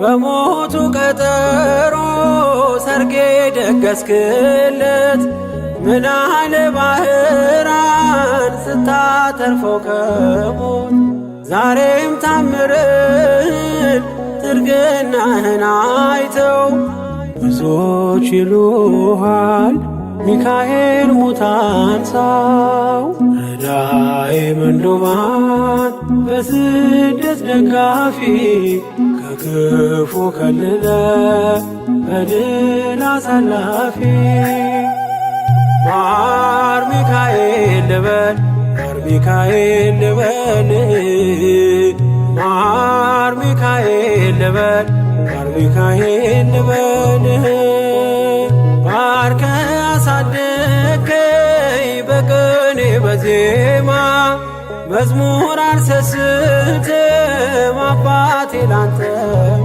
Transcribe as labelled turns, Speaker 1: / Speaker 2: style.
Speaker 1: በሞቱ ቀጠሮ ሰርጌ ደገስክለት ምናለ ባህራን ስታተርፈው ከሞት ዛሬም ታምርን ትርግናህን አይተው ብዙዎች ይሉሃል ሚካኤል ሙታን ሳው ረዳኤ ምንዱባን በስደት ደጋፊ ከክፉ ከልለ በድል አሳላፊ ማር ሚካኤል ልበል ማር ሚካኤል ልበል ማር ሚካኤል ልበል ማር ሚካኤል ልበል ባርከ አሳደከይ በቅኔ በዜማ መዝሙር አልሰስትም አባቴ ላንተ